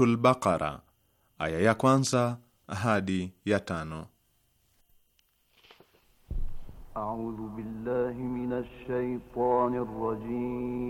Suratul Baqara aya ya kwanza hadi ya tano. A'udhu billahi minash shaitani rrajim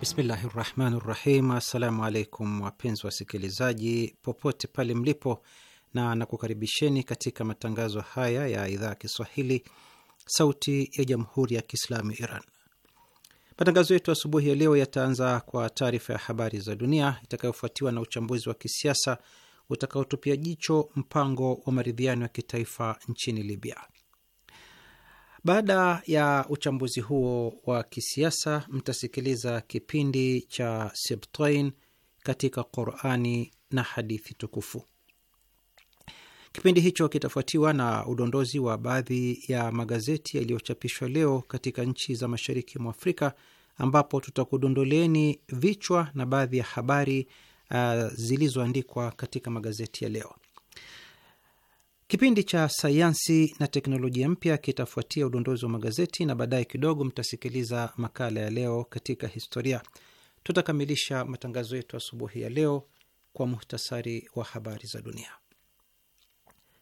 Bismillahi rahmani rahim. Assalamu alaikum wapenzi wasikilizaji popote pale mlipo, na nakukaribisheni katika matangazo haya ya idhaa ya Kiswahili sauti ya jamhuri ya Kiislamu Iran. Matangazo yetu asubuhi ya leo yataanza kwa taarifa ya habari za dunia itakayofuatiwa na uchambuzi wa kisiasa utakaotupia jicho mpango wa maridhiano ya kitaifa nchini Libya. Baada ya uchambuzi huo wa kisiasa, mtasikiliza kipindi cha Sibtain katika Qurani na hadithi tukufu. Kipindi hicho kitafuatiwa na udondozi wa baadhi ya magazeti yaliyochapishwa leo katika nchi za mashariki mwa Afrika, ambapo tutakudondoleeni vichwa na baadhi ya habari uh, zilizoandikwa katika magazeti ya leo. Kipindi cha sayansi na teknolojia mpya kitafuatia udondozi wa magazeti na baadaye kidogo mtasikiliza makala ya leo katika historia. Tutakamilisha matangazo yetu asubuhi ya leo kwa muhtasari wa habari za dunia.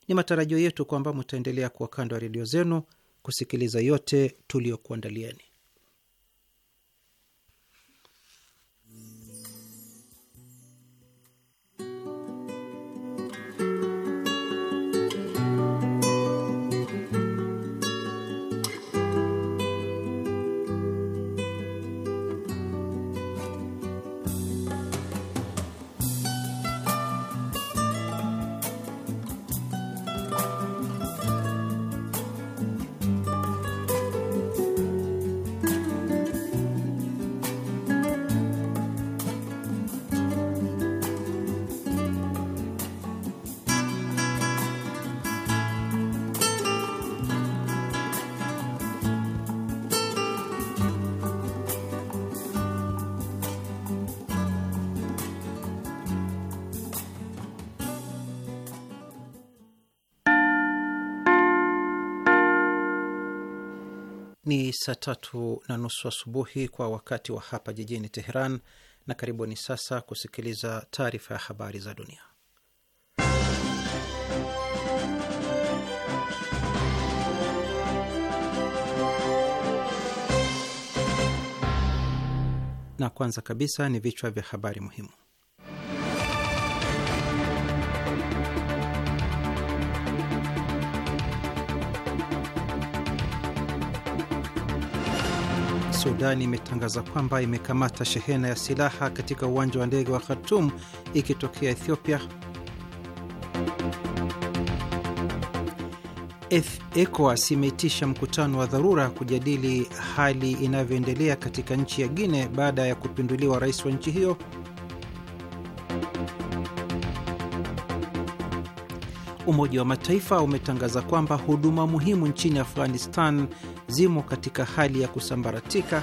Ni matarajio yetu kwamba mtaendelea kuwa kando ya redio zenu kusikiliza yote tuliyokuandalieni. saa tatu na nusu asubuhi kwa wakati wa hapa jijini Teheran, na karibuni sasa kusikiliza taarifa ya habari za dunia. Na kwanza kabisa ni vichwa vya habari muhimu. Sudani imetangaza kwamba imekamata shehena ya silaha katika uwanja wa ndege wa Khartum ikitokea Ethiopia. ECOWAS imeitisha mkutano wa dharura kujadili hali inavyoendelea katika nchi ya Guine baada ya kupinduliwa rais wa nchi hiyo. Umoja wa Mataifa umetangaza kwamba huduma muhimu nchini Afghanistan zimo katika hali ya kusambaratika,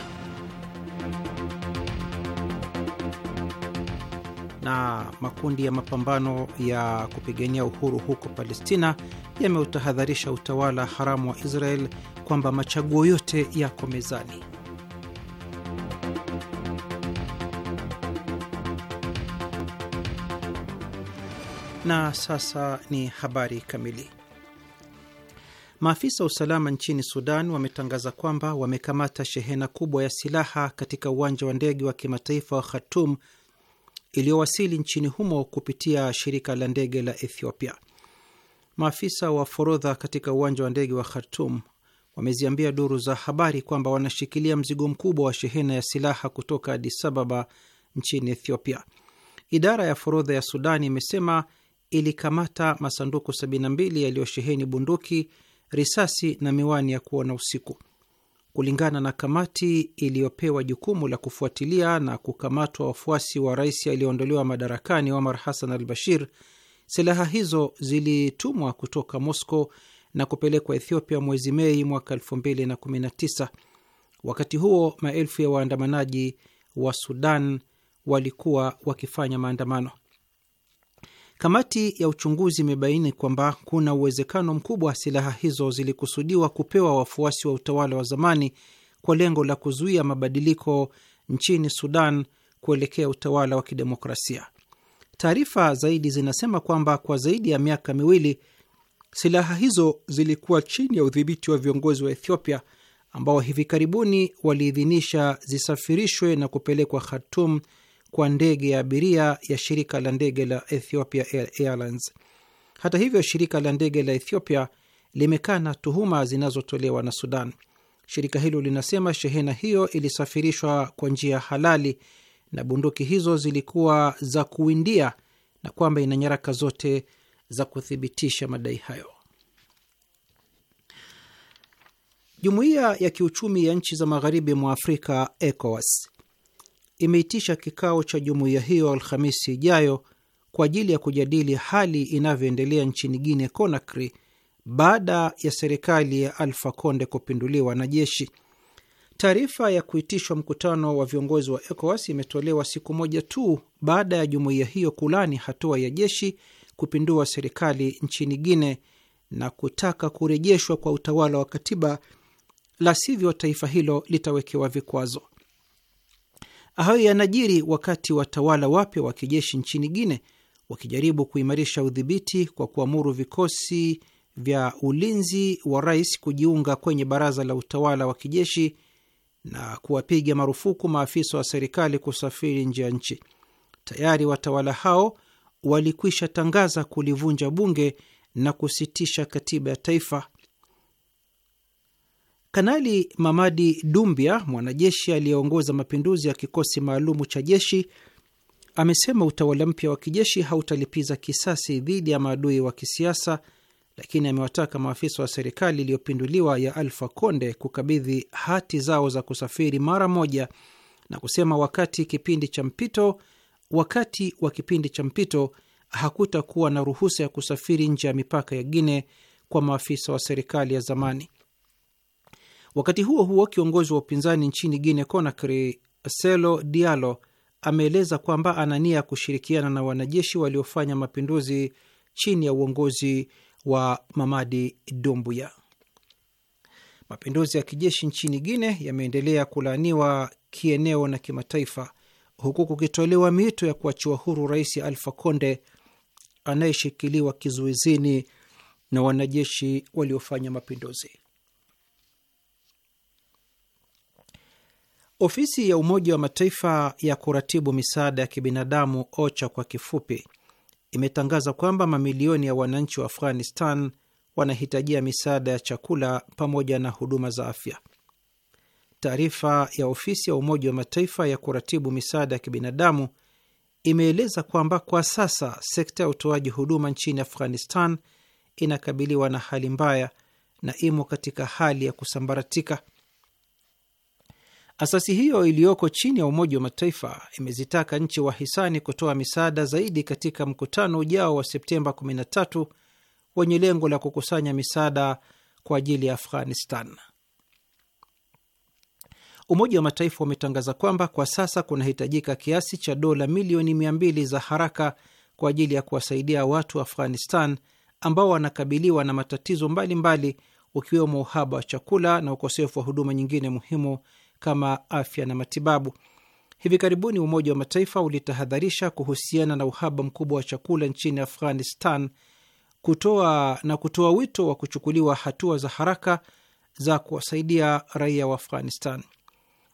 na makundi ya mapambano ya kupigania uhuru huko Palestina yameutahadharisha utawala haramu wa Israel kwamba machaguo yote yako mezani. Na sasa ni habari kamili. Maafisa wa usalama nchini Sudan wametangaza kwamba wamekamata shehena kubwa ya silaha katika uwanja wa ndege wa kimataifa wa Khartum iliyowasili nchini humo kupitia shirika la ndege la Ethiopia. Maafisa wa forodha katika uwanja wa ndege wa Khartum wameziambia duru za habari kwamba wanashikilia mzigo mkubwa wa shehena ya silaha kutoka Adis Ababa nchini Ethiopia. Idara ya forodha ya Sudan imesema ilikamata masanduku 72 yaliyosheheni bunduki, risasi na miwani ya kuona usiku. Kulingana na kamati iliyopewa jukumu la kufuatilia na kukamatwa wafuasi wa rais aliyeondolewa madarakani Omar Hassan al Bashir, silaha hizo zilitumwa kutoka Moscow na kupelekwa Ethiopia mwezi Mei mwaka 2019. Wakati huo maelfu ya waandamanaji wa Sudan walikuwa wakifanya maandamano. Kamati ya uchunguzi imebaini kwamba kuna uwezekano mkubwa silaha hizo zilikusudiwa kupewa wafuasi wa utawala wa zamani kwa lengo la kuzuia mabadiliko nchini Sudan kuelekea utawala wa kidemokrasia. Taarifa zaidi zinasema kwamba kwa zaidi ya miaka miwili silaha hizo zilikuwa chini ya udhibiti wa viongozi wa Ethiopia ambao hivi karibuni waliidhinisha zisafirishwe na kupelekwa Khartum kwa ndege ya abiria ya shirika la ndege la Ethiopia Airlines. Hata hivyo, shirika la ndege la Ethiopia limekana tuhuma zinazotolewa na Sudan. Shirika hilo linasema shehena hiyo ilisafirishwa kwa njia halali na bunduki hizo zilikuwa za kuwindia na kwamba ina nyaraka zote za kuthibitisha madai hayo. Jumuiya ya kiuchumi ya nchi za magharibi mwa Afrika, ECOWAS, imeitisha kikao cha jumuiya hiyo Alhamisi ijayo kwa ajili ya kujadili hali inavyoendelea nchini Guinea Conakry baada ya serikali ya Alpha Conde kupinduliwa na jeshi. Taarifa ya kuitishwa mkutano wa viongozi wa ECOWAS imetolewa siku moja tu baada ya jumuiya hiyo kulani hatua ya jeshi kupindua serikali nchini Guinea na kutaka kurejeshwa kwa utawala wa katiba, la sivyo taifa hilo litawekewa vikwazo. Hayo yanajiri wakati watawala wapya wa kijeshi nchini Guine wakijaribu kuimarisha udhibiti kwa kuamuru vikosi vya ulinzi wa rais kujiunga kwenye baraza la utawala wa kijeshi na kuwapiga marufuku maafisa wa serikali kusafiri nje ya nchi. Tayari watawala hao walikwisha tangaza kulivunja bunge na kusitisha katiba ya taifa Kanali Mamadi Dumbia, mwanajeshi aliyeongoza mapinduzi ya kikosi maalumu cha jeshi, amesema utawala mpya wa kijeshi hautalipiza kisasi dhidi ya maadui wa kisiasa, lakini amewataka maafisa wa serikali iliyopinduliwa ya Alfa Konde kukabidhi hati zao za kusafiri mara moja, na kusema wakati kipindi cha mpito, wakati wa kipindi cha mpito hakutakuwa na ruhusa ya kusafiri nje ya mipaka ya Guine kwa maafisa wa serikali ya zamani. Wakati huo huo, kiongozi wa upinzani nchini guine Conakry Selo Dialo ameeleza kwamba ana nia ya kushirikiana na wanajeshi waliofanya mapinduzi chini ya uongozi wa Mamadi Dumbuya. Mapinduzi ya kijeshi nchini guine yameendelea kulaaniwa kieneo na kimataifa, huku kukitolewa miito ya kuachiwa huru Rais Alfa Conde anayeshikiliwa kizuizini na wanajeshi waliofanya mapinduzi. Ofisi ya Umoja wa Mataifa ya kuratibu misaada ya kibinadamu OCHA kwa kifupi, imetangaza kwamba mamilioni ya wananchi wa Afghanistan wanahitajia misaada ya chakula pamoja na huduma za afya. Taarifa ya ofisi ya Umoja wa Mataifa ya kuratibu misaada ya kibinadamu imeeleza kwamba kwa sasa sekta ya utoaji huduma nchini Afghanistan inakabiliwa na hali mbaya na imo katika hali ya kusambaratika. Asasi hiyo iliyoko chini ya Umoja wa Mataifa imezitaka nchi wahisani kutoa misaada zaidi katika mkutano ujao wa Septemba 13 wenye lengo la kukusanya misaada kwa ajili ya Afghanistan. Umoja wa Mataifa umetangaza kwamba kwa sasa kunahitajika kiasi cha dola milioni 20 za haraka kwa ajili ya kuwasaidia watu wa Afghanistan ambao wanakabiliwa na matatizo mbalimbali, ukiwemo uhaba wa chakula na ukosefu wa huduma nyingine muhimu kama afya na matibabu. Hivi karibuni Umoja wa Mataifa ulitahadharisha kuhusiana na uhaba mkubwa wa chakula nchini Afghanistan kutoa na kutoa wito wa kuchukuliwa hatua za haraka za kuwasaidia raia wa Afghanistan.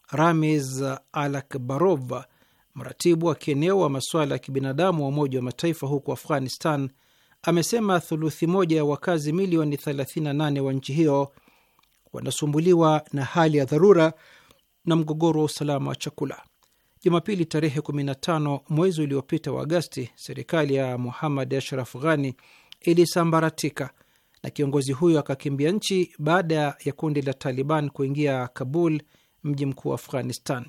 Ramiz Alakbarov, mratibu wa kieneo wa masuala ya kibinadamu wa Umoja wa Mataifa huko Afghanistan, amesema thuluthi moja ya wakazi milioni 38 wa nchi hiyo wanasumbuliwa na hali ya dharura na mgogoro wa usalama wa chakula. Jumapili tarehe 15 mwezi uliopita wa Agasti, serikali ya Muhammad Ashraf Ghani ilisambaratika na kiongozi huyo akakimbia nchi baada ya kundi la Taliban kuingia Kabul, mji mkuu wa Afghanistan.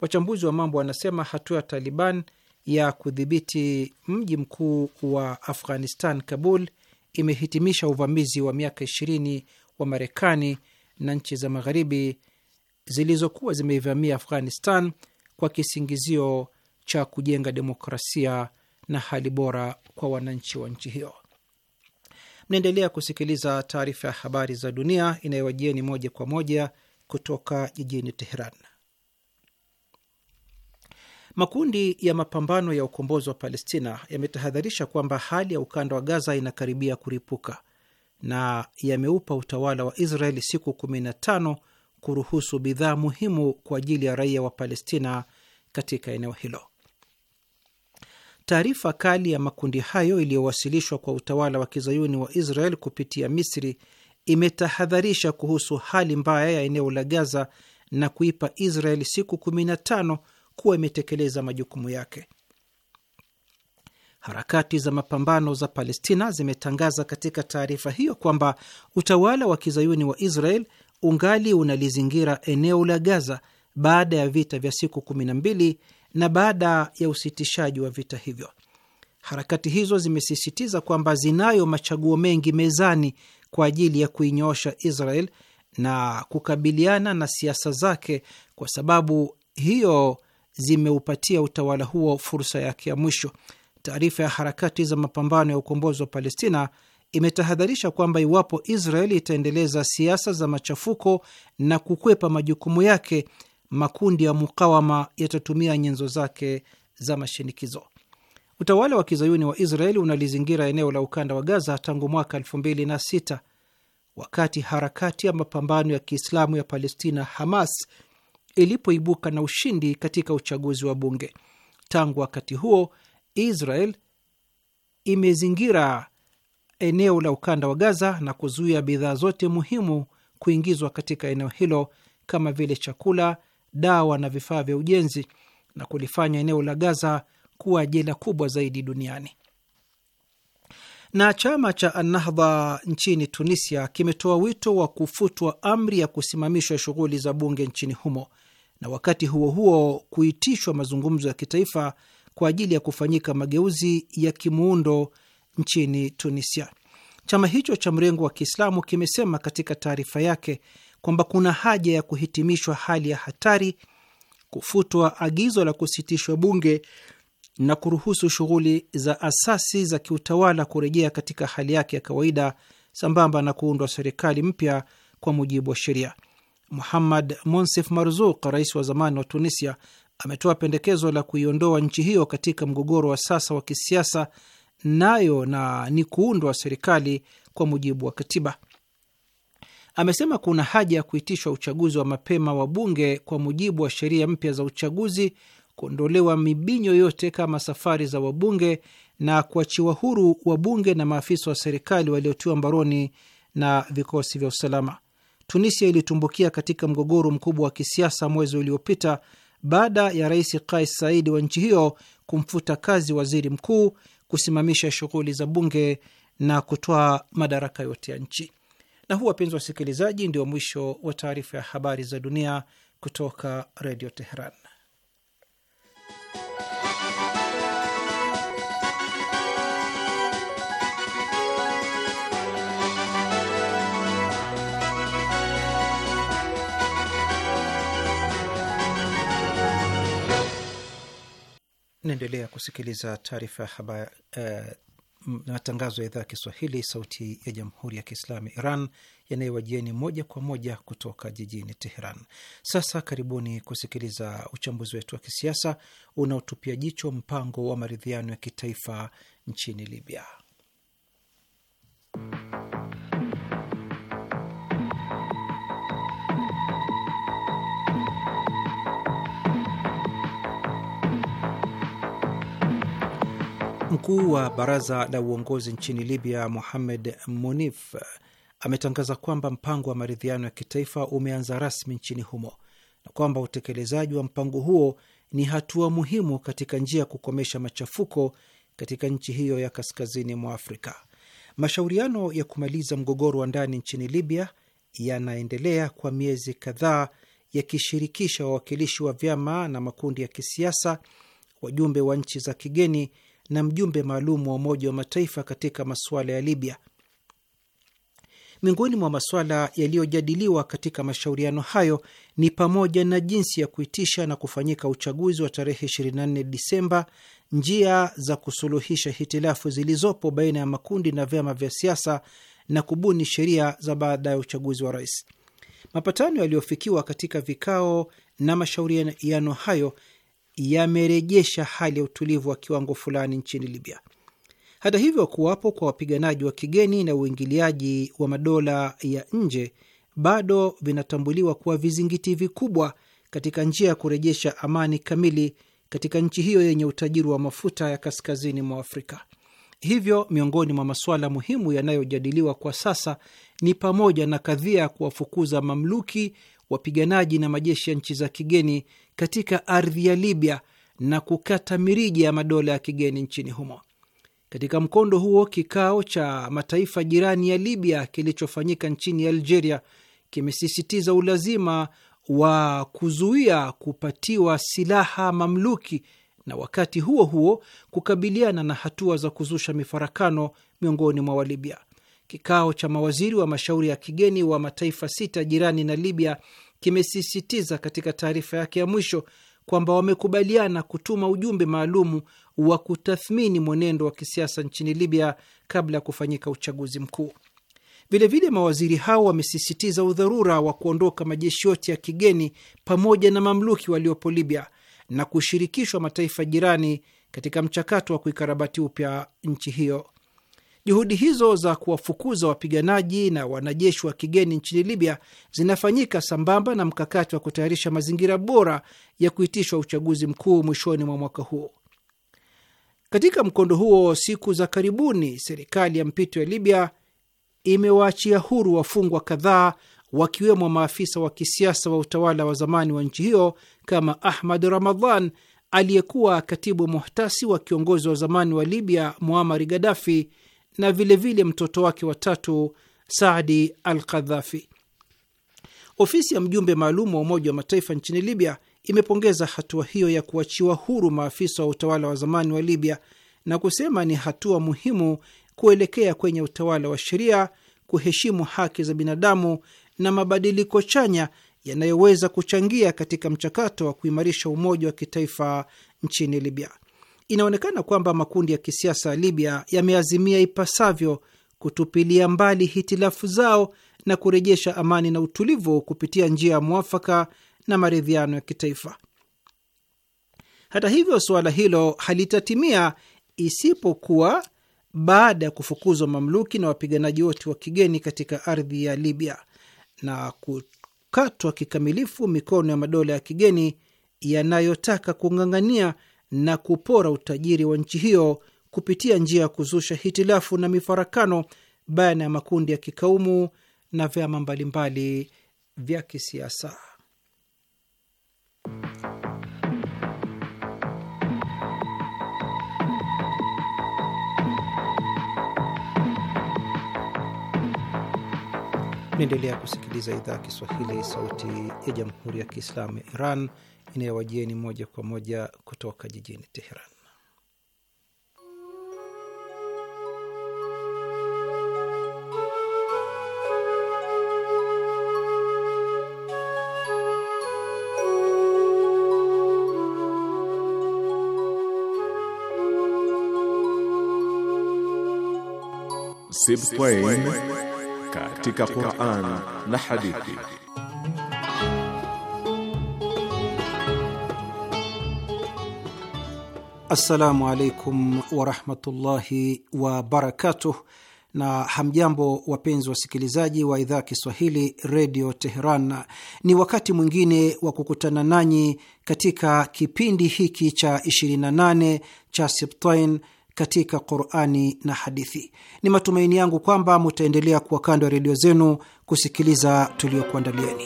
Wachambuzi wa mambo wanasema hatua ya Taliban ya kudhibiti mji mkuu wa Afghanistan, Kabul, imehitimisha uvamizi wa miaka 20 wa Marekani na nchi za Magharibi zilizokuwa zimeivamia Afghanistan kwa kisingizio cha kujenga demokrasia na hali bora kwa wananchi wa nchi hiyo. Mnaendelea kusikiliza taarifa ya habari za dunia inayowajieni moja kwa moja kutoka jijini Teheran. Makundi ya mapambano ya ukombozi wa Palestina yametahadharisha kwamba hali ya ukanda wa Gaza inakaribia kuripuka na yameupa utawala wa Israeli siku na tano kuruhusu bidhaa muhimu kwa ajili ya raia wa Palestina katika eneo hilo. Taarifa kali ya makundi hayo iliyowasilishwa kwa utawala wa kizayuni wa Israel kupitia Misri imetahadharisha kuhusu hali mbaya ya eneo la Gaza na kuipa Israel siku 15 kuwa imetekeleza majukumu yake. Harakati za mapambano za Palestina zimetangaza katika taarifa hiyo kwamba utawala wa kizayuni wa Israel ungali unalizingira eneo la Gaza baada ya vita vya siku kumi na mbili na baada ya usitishaji wa vita hivyo. Harakati hizo zimesisitiza kwamba zinayo machaguo mengi mezani kwa ajili ya kuinyoosha Israel na kukabiliana na siasa zake, kwa sababu hiyo zimeupatia utawala huo fursa yake ya mwisho. Taarifa ya harakati za mapambano ya ukombozi wa Palestina imetahadharisha kwamba iwapo Israel itaendeleza siasa za machafuko na kukwepa majukumu yake, makundi ya mukawama yatatumia nyenzo zake za mashinikizo. Utawala wa kizayuni wa Israeli unalizingira eneo la ukanda wa Gaza tangu mwaka 26 wakati harakati ya mapambano ya Kiislamu ya Palestina, Hamas, ilipoibuka na ushindi katika uchaguzi wa bunge. Tangu wakati huo Israel imezingira eneo la ukanda wa Gaza na kuzuia bidhaa zote muhimu kuingizwa katika eneo hilo kama vile chakula, dawa na vifaa vya ujenzi na kulifanya eneo la Gaza kuwa jela kubwa zaidi duniani. Na chama cha Annahdha nchini Tunisia kimetoa wito wa kufutwa amri ya kusimamishwa shughuli za bunge nchini humo na wakati huo huo kuitishwa mazungumzo ya kitaifa kwa ajili ya kufanyika mageuzi ya kimuundo nchini Tunisia. Chama hicho cha mrengo wa Kiislamu kimesema katika taarifa yake kwamba kuna haja ya kuhitimishwa hali ya hatari, kufutwa agizo la kusitishwa bunge na kuruhusu shughuli za asasi za kiutawala kurejea katika hali yake ya kawaida, sambamba na kuundwa serikali mpya kwa mujibu wa sheria. Muhammad Monsef Marzuk, rais wa zamani wa Tunisia, ametoa pendekezo la kuiondoa nchi hiyo katika mgogoro wa sasa wa kisiasa nayo na ni kuundwa serikali kwa mujibu wa katiba. Amesema kuna haja ya kuitishwa uchaguzi wa mapema wa bunge kwa mujibu wa sheria mpya za uchaguzi, kuondolewa mibinyo yote kama safari za wabunge na kuachiwa huru wabunge na maafisa wa serikali waliotiwa mbaroni na vikosi vya usalama. Tunisia ilitumbukia katika mgogoro mkubwa wa kisiasa mwezi uliopita baada ya Rais Kais Saidi wa nchi hiyo kumfuta kazi waziri mkuu kusimamisha shughuli za bunge na kutoa madaraka yote ya nchi. Na huu, wapenzi wasikilizaji, ndio mwisho wa taarifa ya habari za dunia kutoka Redio Teheran. Naendelea kusikiliza taarifa ya habari eh, matangazo ya idhaa ya Kiswahili, sauti ya jamhuri ya kiislamu Iran yanayowajieni moja kwa moja kutoka jijini Teheran. Sasa karibuni kusikiliza uchambuzi wetu wa kisiasa unaotupia jicho mpango wa maridhiano ya kitaifa nchini Libya. Mkuu wa baraza la uongozi nchini Libya, Mohamed Monif, ametangaza kwamba mpango wa maridhiano ya kitaifa umeanza rasmi nchini humo na kwamba utekelezaji wa mpango huo ni hatua muhimu katika njia ya kukomesha machafuko katika nchi hiyo ya kaskazini mwa Afrika. Mashauriano ya kumaliza mgogoro wa ndani nchini Libya yanaendelea kwa miezi kadhaa, yakishirikisha wawakilishi wa vyama na makundi ya kisiasa, wajumbe wa nchi za kigeni na mjumbe maalum wa Umoja wa Mataifa katika masuala ya Libya. Miongoni mwa masuala yaliyojadiliwa katika mashauriano hayo ni pamoja na jinsi ya kuitisha na kufanyika uchaguzi wa tarehe 24 Disemba, njia za kusuluhisha hitilafu zilizopo baina ya makundi na vyama vya siasa na kubuni sheria za baada ya uchaguzi wa rais. Mapatano yaliyofikiwa katika vikao na mashauriano hayo yamerejesha hali ya utulivu wa kiwango fulani nchini Libya. Hata hivyo, kuwapo kwa wapiganaji wa kigeni na uingiliaji wa madola ya nje bado vinatambuliwa kuwa vizingiti vikubwa katika njia ya kurejesha amani kamili katika nchi hiyo yenye utajiri wa mafuta ya kaskazini mwa Afrika. Hivyo, miongoni mwa masuala muhimu yanayojadiliwa kwa sasa ni pamoja na kadhia ya kuwafukuza mamluki, wapiganaji na majeshi ya nchi za kigeni katika ardhi ya Libya na kukata mirija ya madola ya kigeni nchini humo. Katika mkondo huo, kikao cha mataifa jirani ya Libya kilichofanyika nchini Algeria kimesisitiza ulazima wa kuzuia kupatiwa silaha mamluki na wakati huo huo kukabiliana na hatua za kuzusha mifarakano miongoni mwa Walibya. Kikao cha mawaziri wa mashauri ya kigeni wa mataifa sita jirani na Libya kimesisitiza katika taarifa yake ya mwisho kwamba wamekubaliana kutuma ujumbe maalumu wa kutathmini mwenendo wa kisiasa nchini Libya kabla ya kufanyika uchaguzi mkuu. Vilevile, mawaziri hao wamesisitiza udharura wa kuondoka majeshi yote ya kigeni pamoja na mamluki waliopo Libya na kushirikishwa mataifa jirani katika mchakato wa kuikarabati upya nchi hiyo. Juhudi hizo za kuwafukuza wapiganaji na wanajeshi wa kigeni nchini Libya zinafanyika sambamba na mkakati wa kutayarisha mazingira bora ya kuitishwa uchaguzi mkuu mwishoni mwa mwaka huo. Katika mkondo huo, siku za karibuni, serikali ya mpito ya Libya imewaachia huru wafungwa kadhaa wakiwemo maafisa wa kisiasa wa utawala wa zamani wa nchi hiyo kama Ahmad Ramadhan aliyekuwa katibu muhtasi wa kiongozi wa zamani wa Libya muamari Gadafi na vilevile vile mtoto wake watatu Saadi al Qadhafi. Ofisi ya mjumbe maalum wa Umoja wa Mataifa nchini Libya imepongeza hatua hiyo ya kuachiwa huru maafisa wa utawala wa zamani wa Libya na kusema ni hatua muhimu kuelekea kwenye utawala wa sheria, kuheshimu haki za binadamu na mabadiliko chanya yanayoweza kuchangia katika mchakato wa kuimarisha umoja wa kitaifa nchini Libya inaonekana kwamba makundi ya kisiasa Libya yameazimia ipasavyo kutupilia mbali hitilafu zao na kurejesha amani na utulivu kupitia njia ya mwafaka na maridhiano ya kitaifa. Hata hivyo, suala hilo halitatimia isipokuwa baada ya kufukuzwa mamluki na wapiganaji wote wa kigeni katika ardhi ya Libya na kukatwa kikamilifu mikono ya madola ya kigeni yanayotaka kung'ang'ania na kupora utajiri wa nchi hiyo kupitia njia ya kuzusha hitilafu na mifarakano baina ya makundi ya kikaumu na vyama mbalimbali vya kisiasa. Naendelea kusikiliza idhaa ya Kiswahili, sauti ya jamhuri ya kiislamu ya Iran inayowajieni moja kwa moja kutoka jijini Teheran. Sibtain katika Qur'an na hadithi. Assalamu alaikum warahmatullahi wabarakatuh, na hamjambo wapenzi wasikilizaji wa idhaa Kiswahili redio Teheran. Ni wakati mwingine wa kukutana nanyi katika kipindi hiki cha 28 cha Septain katika Qurani na hadithi. Ni matumaini yangu kwamba mutaendelea kuwa kando ya redio zenu kusikiliza tuliokuandalieni.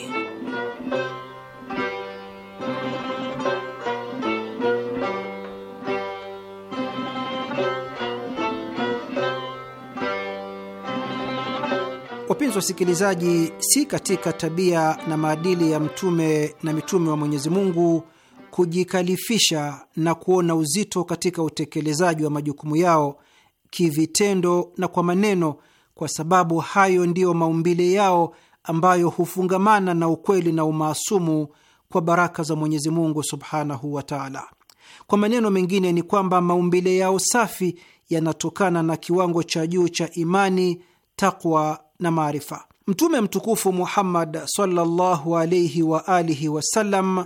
Wapenzi wasikilizaji, si katika tabia na maadili ya mtume na mitume wa Mwenyezi Mungu kujikalifisha na kuona uzito katika utekelezaji wa majukumu yao kivitendo na kwa maneno, kwa sababu hayo ndiyo maumbile yao ambayo hufungamana na ukweli na umaasumu kwa baraka za Mwenyezi Mungu subhanahu wa taala. Kwa maneno mengine ni kwamba maumbile yao safi yanatokana na kiwango cha juu cha imani, takwa na maarifa. Mtume mtukufu Muhammad sallallahu alaihi wa alihi wasallam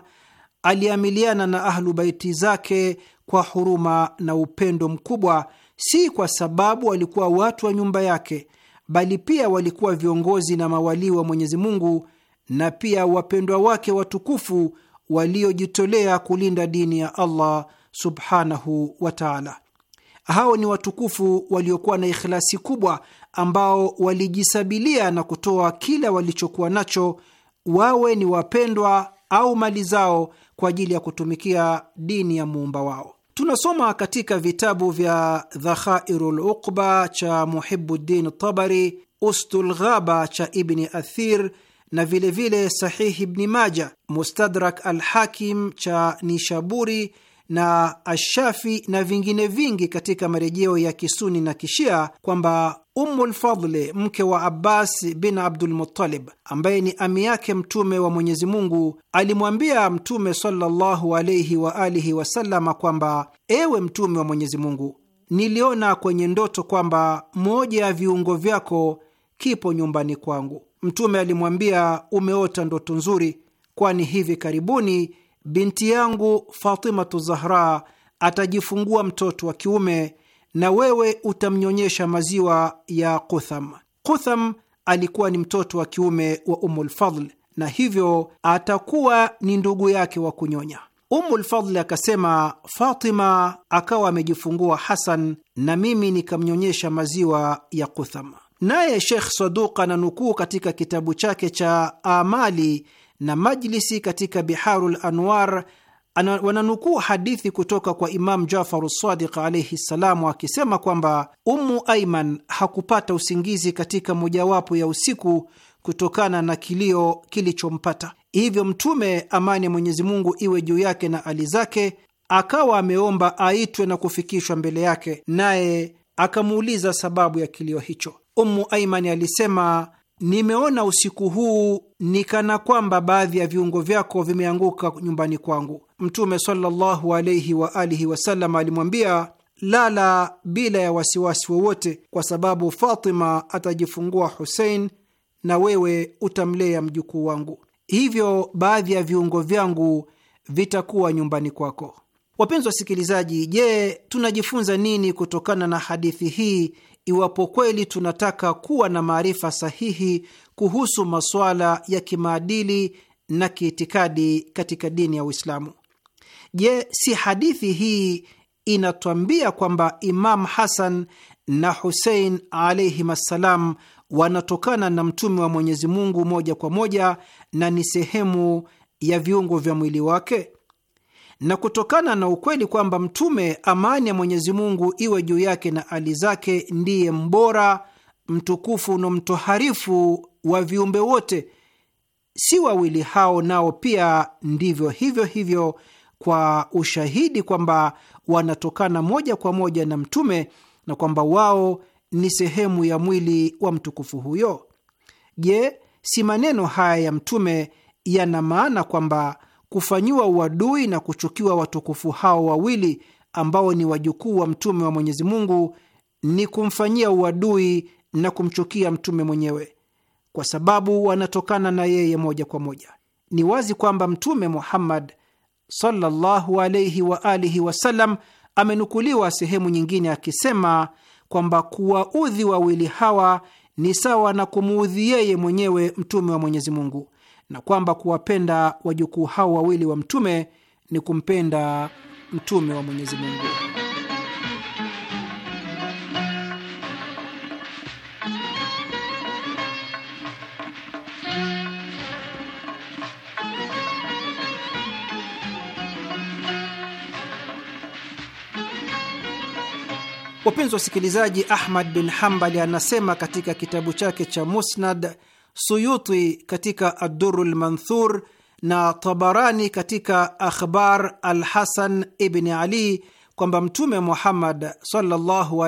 aliamiliana na Ahlu Baiti zake kwa huruma na upendo mkubwa, si kwa sababu walikuwa watu wa nyumba yake, bali pia walikuwa viongozi na mawalii wa Mwenyezi Mungu na pia wapendwa wake watukufu waliojitolea kulinda dini ya Allah subhanahu wa taala. Hao ni watukufu waliokuwa na ikhlasi kubwa ambao walijisabilia na kutoa kila walichokuwa nacho, wawe ni wapendwa au mali zao, kwa ajili ya kutumikia dini ya muumba wao. Tunasoma katika vitabu vya Dhakhairu Luqba cha Muhibuddin Tabari, Ustulghaba cha Ibni Athir na vilevile vile Sahihi Ibni Maja, Mustadrak Alhakim cha Nishaburi na Ashafi na vingine vingi katika marejeo ya Kisuni na Kishia kwamba ummulfadli mke wa Abbas bin abdulmutalib ambaye ni ami yake Mtume wa Mwenyezi Mungu, alimwambia Mtume sallallahu alaihi wa alihi wasallama kwamba ewe Mtume wa Mwenyezi Mungu, niliona kwenye ndoto kwamba moja ya viungo vyako kipo nyumbani kwangu. Mtume alimwambia, umeota ndoto nzuri, kwani hivi karibuni binti yangu Fatimatu Zahra atajifungua mtoto wa kiume na wewe utamnyonyesha maziwa ya Qutham. Qutham alikuwa ni mtoto wa kiume wa Umulfadl na hivyo atakuwa ni ndugu yake wa kunyonya. Umulfadli akasema, Fatima akawa amejifungua Hasan na mimi nikamnyonyesha maziwa ya Qutham. Naye Shekh Saduq ananukuu katika kitabu chake cha Amali na Majlisi katika Biharul Anwar ana, wananukuu hadithi kutoka kwa Imamu Jafaru Sadiq alaihi ssalamu akisema kwamba Ummu Aiman hakupata usingizi katika mojawapo ya usiku kutokana na kilio kilichompata. Hivyo Mtume, amani ya Mwenyezi Mungu iwe juu yake na ali zake, akawa ameomba aitwe na kufikishwa mbele yake, naye akamuuliza sababu ya kilio hicho. Umu Aiman alisema nimeona usiku huu ni kana kwamba baadhi ya viungo vyako vimeanguka nyumbani kwangu. Mtume sallallahu alaihi wa alihi wasallam alimwambia, lala bila ya wasiwasi wowote, kwa sababu Fatima atajifungua Husein na wewe utamlea mjukuu wangu, hivyo baadhi ya viungo vyangu vitakuwa nyumbani kwako. Wapenzi wasikilizaji, je, tunajifunza nini kutokana na hadithi hii iwapo kweli tunataka kuwa na maarifa sahihi kuhusu masuala ya kimaadili na kiitikadi katika dini ya Uislamu. Je, si hadithi hii inatwambia kwamba Imam Hasan na Husein alaihim assalam wanatokana na mtume wa Mwenyezi Mungu moja kwa moja na ni sehemu ya viungo vya mwili wake? na kutokana na ukweli kwamba Mtume, amani ya Mwenyezi Mungu iwe juu yake na ali zake, ndiye mbora mtukufu na mtoharifu wa viumbe wote, si wawili hao nao pia ndivyo hivyo hivyo, kwa ushahidi kwamba wanatokana moja kwa moja na Mtume na kwamba wao ni sehemu ya mwili wa mtukufu huyo. Je, si maneno haya ya Mtume yana maana kwamba kufanyiwa uadui na kuchukiwa watukufu hao wawili ambao ni wajukuu wa mtume wa Mwenyezi Mungu ni kumfanyia uadui na kumchukia mtume mwenyewe, kwa sababu wanatokana na yeye moja kwa moja. Ni wazi kwamba Mtume Muhammad sallallahu alayhi wa alihi wasallam amenukuliwa sehemu nyingine akisema kwamba kuwaudhi wawili hawa ni sawa na kumuudhi yeye mwenyewe mtume wa Mwenyezi Mungu, na kwamba kuwapenda wajukuu hao wawili wa Mtume ni kumpenda Mtume wa Mwenyezi Mungu. Wapenzi wasikilizaji, Ahmad bin Hambali anasema katika kitabu chake cha Musnad Suyuti katika Adduru Lmanthur na Tabarani katika Akhbar Alhasan Ibni Ali kwamba Mtume Muhammad sallallahu wa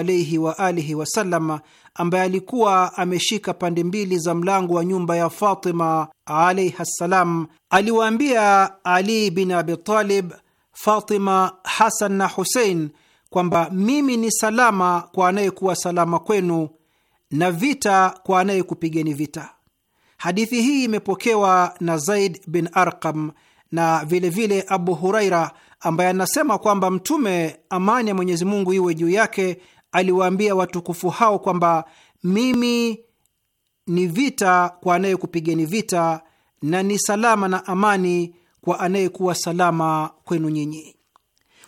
alihi wasallam, ambaye alikuwa ameshika pande mbili za mlango wa nyumba ya Fatima alaihi ssalam, aliwaambia Ali bin Abitalib, Fatima, Hasan na Husein kwamba mimi ni salama kwa anayekuwa salama kwenu na vita kwa anayekupigeni vita. Hadithi hii imepokewa na Zaid bin Arqam na vilevile vile Abu Huraira ambaye anasema kwamba Mtume, amani ya Mwenyezi Mungu iwe juu yake, aliwaambia watukufu hao kwamba mimi ni vita kwa anayekupigeni vita na ni salama na amani kwa anayekuwa salama kwenu nyinyi.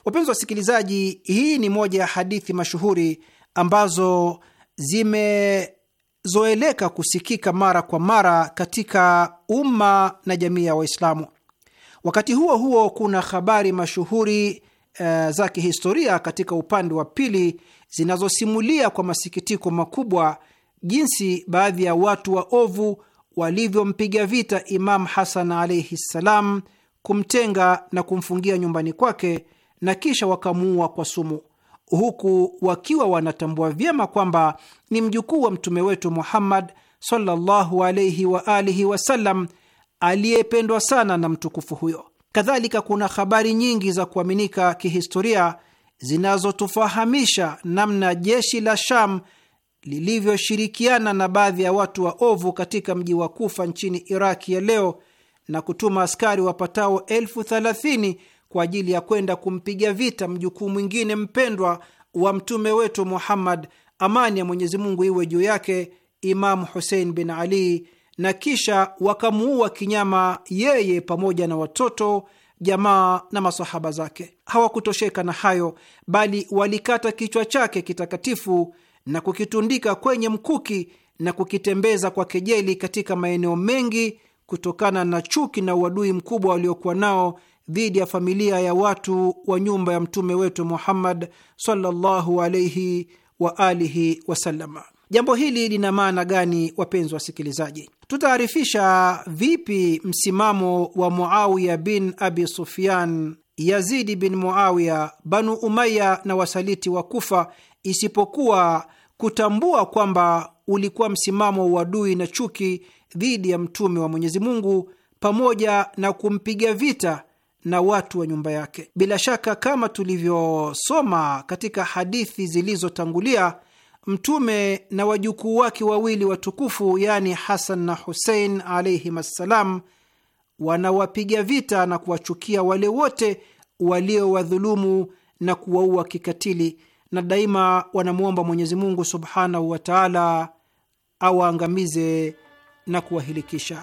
Wapenzi wasikilizaji, hii ni moja ya hadithi mashuhuri ambazo zime zinazozoeleka kusikika mara kwa mara katika umma na jamii ya Waislamu. Wakati huo huo, kuna habari mashuhuri uh, za kihistoria katika upande wa pili zinazosimulia kwa masikitiko makubwa jinsi baadhi ya watu wa ovu walivyompiga vita Imam Hasan alaihi ssalam, kumtenga na kumfungia nyumbani kwake na kisha wakamuua kwa sumu huku wakiwa wanatambua vyema kwamba ni mjukuu wa mtume wetu Muhammad sallallahu alayhi wa alihi wasallam aliyependwa sana na mtukufu huyo. Kadhalika, kuna habari nyingi za kuaminika kihistoria zinazotufahamisha namna jeshi la Sham lilivyoshirikiana na baadhi ya watu wa ovu katika mji wa Kufa nchini Iraki ya leo na kutuma askari wapatao elfu kwa ajili ya kwenda kumpiga vita mjukuu mwingine mpendwa wa mtume wetu Muhammad, amani ya Mwenyezi Mungu iwe juu yake, Imamu Husein bin Ali, na kisha wakamuua kinyama yeye pamoja na watoto, jamaa na masahaba zake. Hawakutosheka na hayo, bali walikata kichwa chake kitakatifu na kukitundika kwenye mkuki na kukitembeza kwa kejeli katika maeneo mengi kutokana na chuki na uadui mkubwa waliokuwa nao dhidi ya familia ya watu wa nyumba ya mtume wetu Muhammad sallallahu alaihi wa alihi wasallam. Jambo hili lina maana gani, wapenzi wasikilizaji? Tutaarifisha vipi msimamo wa Muawiya bin Abi Sufyan, Yazidi bin Muawiya, Banu Umaya na wasaliti wa Kufa, isipokuwa kutambua kwamba ulikuwa msimamo wa adui na chuki dhidi ya mtume wa Mwenyezi Mungu pamoja na kumpiga vita na watu wa nyumba yake. Bila shaka, kama tulivyosoma katika hadithi zilizotangulia, Mtume na wajukuu wake wawili watukufu, yaani Hasan na Husein alaihim assalam, wanawapiga vita na kuwachukia wale wote waliowadhulumu na kuwaua kikatili, na daima wanamwomba Mwenyezi Mungu subhanahu wa taala awaangamize na kuwahilikisha.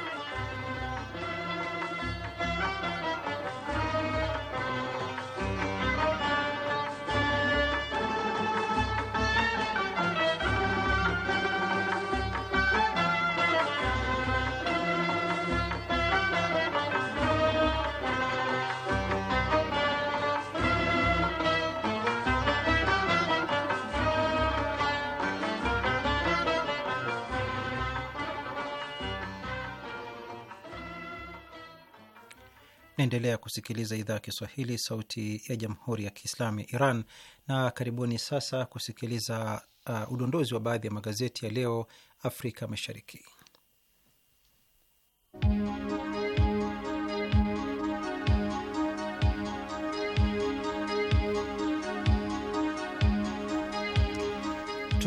Naendelea kusikiliza idhaa ya Kiswahili, sauti ya jamhuri ya kiislamu ya Iran. Na karibuni sasa kusikiliza uh, udondozi wa baadhi ya magazeti ya leo Afrika Mashariki.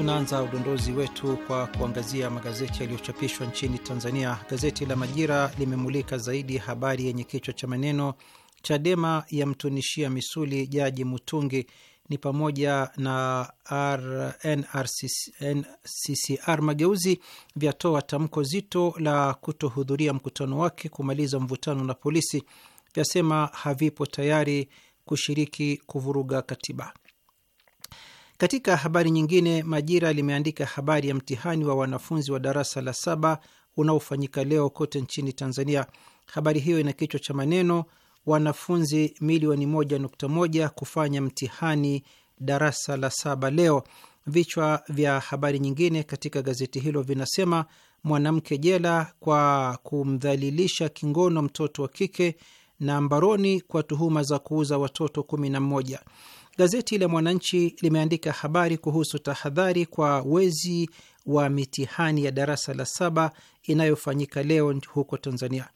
Tunaanza udondozi wetu kwa kuangazia magazeti yaliyochapishwa nchini Tanzania. Gazeti la Majira limemulika zaidi habari yenye kichwa cha maneno Chadema yamtunishia misuli Jaji Mutungi, ni pamoja na NCCR Mageuzi vyatoa tamko zito la kutohudhuria mkutano wake kumaliza mvutano na polisi, vyasema havipo tayari kushiriki kuvuruga katiba. Katika habari nyingine, Majira limeandika habari ya mtihani wa wanafunzi wa darasa la saba unaofanyika leo kote nchini Tanzania. Habari hiyo ina kichwa cha maneno wanafunzi milioni moja nukta moja kufanya mtihani darasa la saba leo. Vichwa vya habari nyingine katika gazeti hilo vinasema mwanamke jela kwa kumdhalilisha kingono mtoto wa kike na mbaroni kwa tuhuma za kuuza watoto kumi na mmoja gazeti la Mwananchi limeandika habari kuhusu tahadhari kwa wezi wa mitihani ya darasa la saba inayofanyika leo huko Tanzania.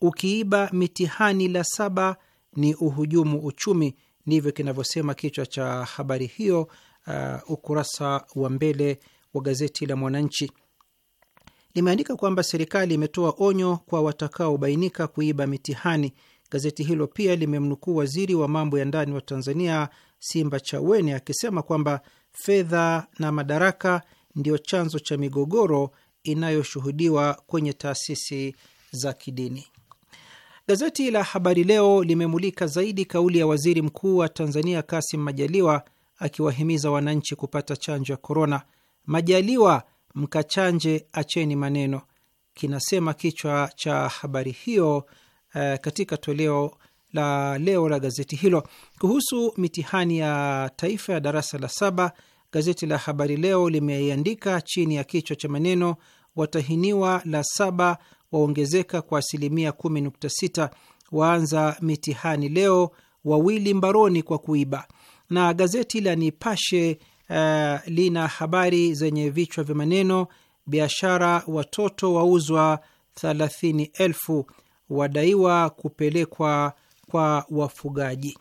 Ukiiba mitihani la saba ni uhujumu uchumi, ndivyo kinavyosema kichwa cha habari hiyo, uh, ukurasa wa mbele wa gazeti la Mwananchi limeandika kwamba serikali imetoa onyo kwa watakaobainika kuiba mitihani Gazeti hilo pia limemnukuu waziri wa mambo ya ndani wa Tanzania Simba Chaweni akisema kwamba fedha na madaraka ndio chanzo cha migogoro inayoshuhudiwa kwenye taasisi za kidini. Gazeti la Habari Leo limemulika zaidi kauli ya waziri mkuu wa Tanzania Kasim Majaliwa akiwahimiza wananchi kupata chanjo ya korona. Majaliwa mkachanje, acheni maneno, kinasema kichwa cha habari hiyo Eh, katika toleo la leo la gazeti hilo kuhusu mitihani ya taifa ya darasa la saba. Gazeti la Habari Leo limeiandika chini ya kichwa cha maneno watahiniwa la saba waongezeka kwa asilimia 10.6, waanza mitihani leo, wawili mbaroni kwa kuiba. Na gazeti la Nipashe uh, lina habari zenye vichwa vya maneno biashara watoto wauzwa elfu wadaiwa kupelekwa kwa wafugaji.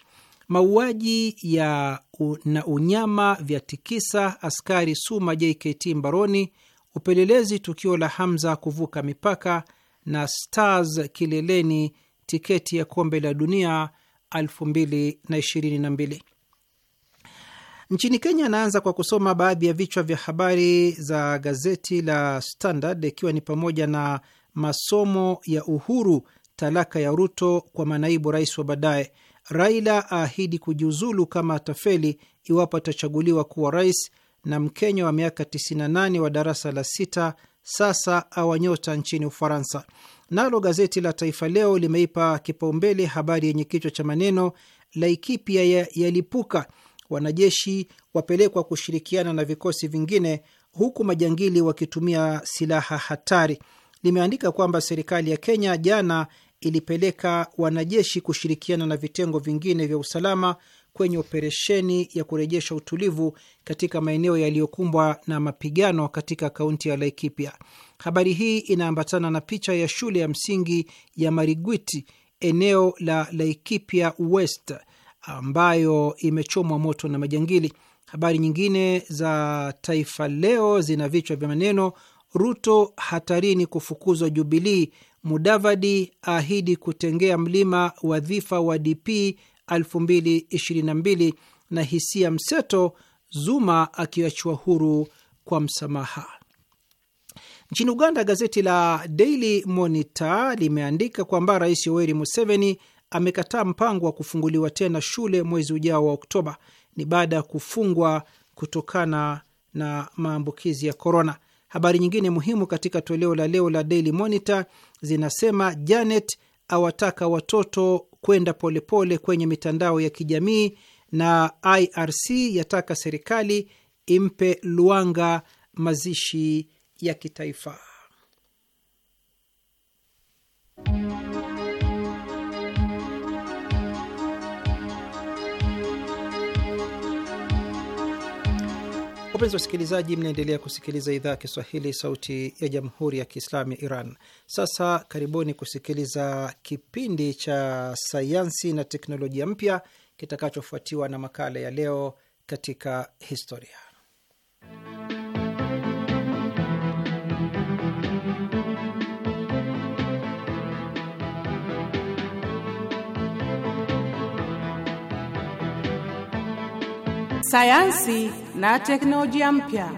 Mauaji ya na unyama vya tikisa askari Suma JKT mbaroni, upelelezi tukio la Hamza kuvuka mipaka na Stars kileleni, tiketi ya kombe la dunia 2022. Nchini Kenya anaanza kwa kusoma baadhi ya vichwa vya habari za gazeti la Standard, ikiwa ni pamoja na masomo ya Uhuru, talaka ya Ruto kwa manaibu rais wa baadaye, Raila aahidi kujiuzulu kama atafeli iwapo atachaguliwa kuwa rais, na Mkenya wa miaka 98 wa darasa la sita sasa awanyota nchini Ufaransa. Nalo gazeti la Taifa Leo limeipa kipaumbele habari yenye kichwa cha maneno Laikipia yalipuka, wanajeshi wapelekwa kushirikiana na vikosi vingine, huku majangili wakitumia silaha hatari limeandika kwamba serikali ya Kenya jana ilipeleka wanajeshi kushirikiana na vitengo vingine vya usalama kwenye operesheni ya kurejesha utulivu katika maeneo yaliyokumbwa na mapigano katika kaunti ya Laikipia. Habari hii inaambatana na picha ya shule ya msingi ya Marigwiti, eneo la Laikipia West, ambayo imechomwa moto na majangili. Habari nyingine za Taifa Leo zina vichwa vya maneno: Ruto hatarini kufukuzwa Jubilii, Mudavadi aahidi kutengea mlima wadhifa wa DP 2022 na hisia mseto, Zuma akiachwa huru kwa msamaha. Nchini Uganda, gazeti la Daily Monitor limeandika kwamba Rais Yoweri Museveni amekataa mpango wa kufunguliwa tena shule mwezi ujao wa Oktoba. Ni baada ya kufungwa kutokana na maambukizi ya korona. Habari nyingine muhimu katika toleo la leo la Daily Monitor zinasema Janet awataka watoto kwenda polepole kwenye mitandao ya kijamii na IRC yataka serikali impe Luanga mazishi ya kitaifa. Wapenzi wasikilizaji, mnaendelea kusikiliza idhaa ya Kiswahili, sauti ya jamhuri ya kiislamu ya Iran. Sasa karibuni kusikiliza kipindi cha sayansi na teknolojia mpya kitakachofuatiwa na makala ya leo katika historia. sayansi na teknolojia mpya.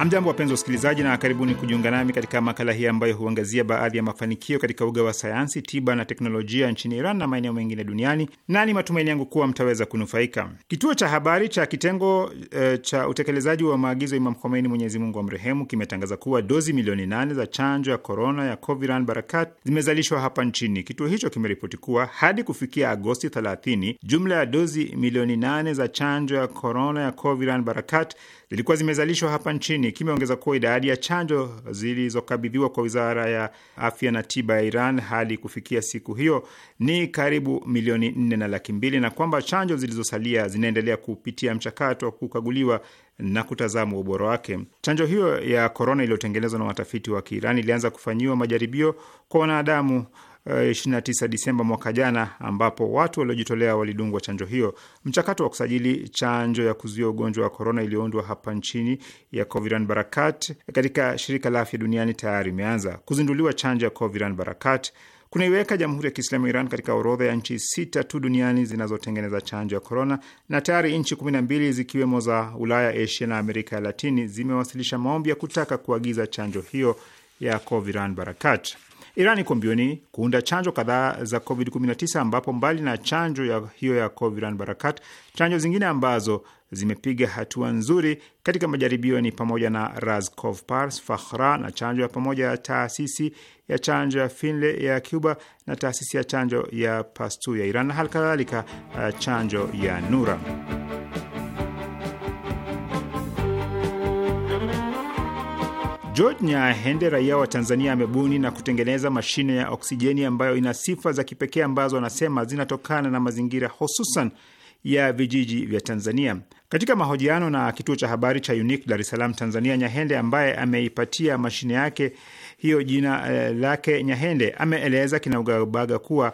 Hamjambo, wapenzi wasikilizaji, na karibuni kujiunga nami katika makala hii ambayo huangazia baadhi ya mafanikio katika uga wa sayansi, tiba na teknolojia nchini Iran na maeneo mengine duniani, na ni matumaini yangu kuwa mtaweza kunufaika. Kituo cha habari cha kitengo e, cha utekelezaji wa maagizo ya Imam Khomeini, Mwenyezi Mungu mrehemu, kimetangaza kuwa dozi milioni nane za chanjo ya korona ya Coviran Barakat zimezalishwa hapa nchini. Kituo hicho kimeripoti kuwa hadi kufikia Agosti 30 jumla ya dozi milioni nane za chanjo ya korona ya Coviran Barakat zilikuwa zimezalishwa hapa nchini. Kimeongeza kuwa idadi ya chanjo zilizokabidhiwa kwa wizara ya afya na tiba ya Iran hadi kufikia siku hiyo ni karibu milioni nne na laki mbili na kwamba chanjo zilizosalia zinaendelea kupitia mchakato wa kukaguliwa na kutazama ubora wake. Chanjo hiyo ya korona iliyotengenezwa na watafiti wa Kiirani ilianza kufanyiwa majaribio kwa wanadamu 29 eh, Disemba mwaka jana, ambapo watu waliojitolea walidungwa chanjo hiyo. Mchakato wa kusajili chanjo ya kuzuia ugonjwa wa korona iliyoundwa hapa nchini ya Coviran Barakat katika shirika la afya duniani tayari imeanza. Kuzinduliwa chanjo ya Coviran Barakat kunaiweka Jamhuri ya Kiislamu Iran katika orodha ya nchi sita tu duniani zinazotengeneza chanjo ya korona, na tayari nchi kumi na mbili zikiwemo za Ulaya, Asia na Amerika ya Latini zimewasilisha maombi ya kutaka kuagiza chanjo hiyo ya Coviran Barakat. Iran iko mbioni kuunda chanjo kadhaa za COVID-19 ambapo mbali na chanjo ya hiyo ya Coviran Barakat, chanjo zingine ambazo zimepiga hatua nzuri katika majaribio ni pamoja na Raskov Pars Fakhra na chanjo ya pamoja ya taasisi ya chanjo ya finle ya Cuba na taasisi ya chanjo ya pastu ya Iran na hali kadhalika uh, chanjo ya Nura. George Nyahende, raia wa Tanzania, amebuni na kutengeneza mashine ya oksijeni ambayo ina sifa za kipekee ambazo anasema zinatokana na mazingira hususan ya vijiji vya Tanzania. Katika mahojiano na kituo cha habari cha Unique Dar es Salaam, Tanzania, Nyahende ambaye ameipatia mashine yake hiyo jina eh, lake Nyahende, ameeleza kinaugabaga kuwa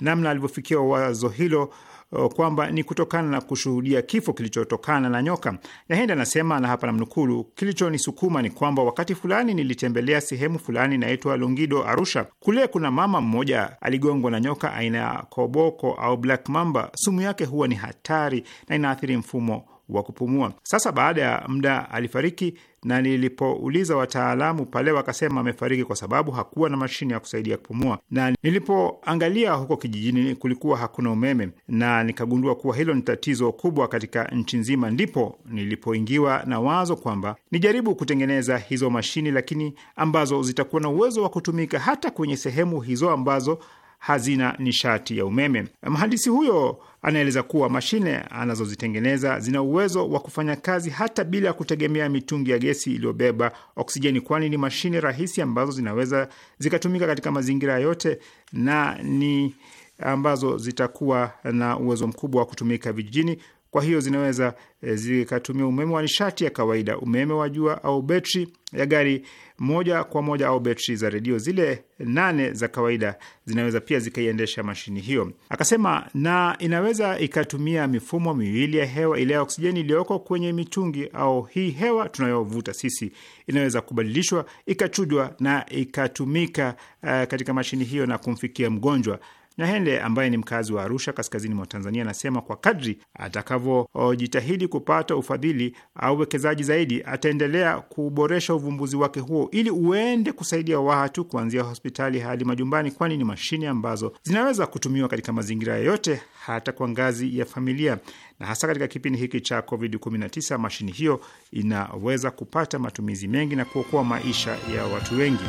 namna alivyofikia wazo hilo Eh, kwamba ni kutokana na kushuhudia kifo kilichotokana na nyoka. Nahenda anasema, na hapa namnukulu, kilichonisukuma ni kwamba wakati fulani nilitembelea sehemu fulani inaitwa Longido, Arusha. Kule kuna mama mmoja aligongwa na nyoka aina ya koboko au black mamba. Sumu yake huwa ni hatari na inaathiri mfumo wa kupumua. Sasa baada ya muda alifariki, na nilipouliza wataalamu pale wakasema amefariki kwa sababu hakuwa na mashine ya kusaidia kupumua, na nilipoangalia huko kijijini kulikuwa hakuna umeme, na nikagundua kuwa hilo ni tatizo kubwa katika nchi nzima. Ndipo nilipoingiwa na wazo kwamba nijaribu kutengeneza hizo mashine, lakini ambazo zitakuwa na uwezo wa kutumika hata kwenye sehemu hizo ambazo hazina nishati ya umeme. Mhandisi huyo anaeleza kuwa mashine anazozitengeneza zina uwezo wa kufanya kazi hata bila kutegemea mitungi ya gesi iliyobeba oksijeni, kwani ni mashine rahisi ambazo zinaweza zikatumika katika mazingira yote na ni ambazo zitakuwa na uwezo mkubwa wa kutumika vijijini, kwa hiyo zinaweza eh, zikatumia umeme wa nishati ya kawaida, umeme wa jua au betri ya gari moja kwa moja au betri za redio zile nane za kawaida zinaweza pia zikaiendesha mashini hiyo, akasema. Na inaweza ikatumia mifumo miwili ya hewa, ile ya oksijeni iliyoko kwenye mitungi au hii hewa tunayovuta sisi, inaweza kubadilishwa ikachujwa na ikatumika uh, katika mashini hiyo na kumfikia mgonjwa na ambaye ni mkazi wa Arusha kaskazini mwa Tanzania anasema kwa kadri atakavyojitahidi kupata ufadhili au uwekezaji zaidi, ataendelea kuboresha uvumbuzi wake huo ili uende kusaidia watu kuanzia hospitali hadi majumbani, kwani ni mashine ambazo zinaweza kutumiwa katika mazingira yoyote, hata kwa ngazi ya familia, na hasa katika kipindi hiki cha COVID-19 mashine hiyo inaweza kupata matumizi mengi na kuokoa maisha ya watu wengi.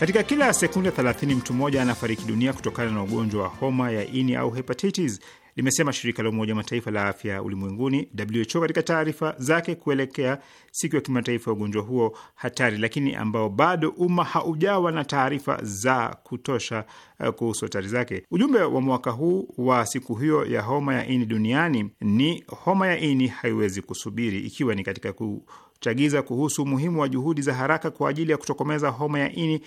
Katika kila sekunde 30 mtu mmoja anafariki dunia kutokana na ugonjwa wa homa ya ini au hepatitis, limesema shirika la Umoja Mataifa la afya ulimwenguni WHO katika taarifa zake kuelekea siku ya kimataifa ya ugonjwa huo hatari, lakini ambao bado umma haujawa na taarifa za kutosha eh, kuhusu hatari zake. Ujumbe wa mwaka huu wa siku hiyo ya homa ya ini duniani ni homa ya ini haiwezi kusubiri, ikiwa ni katika ku chagiza kuhusu umuhimu wa juhudi za haraka kwa ajili ya kutokomeza homa ya ini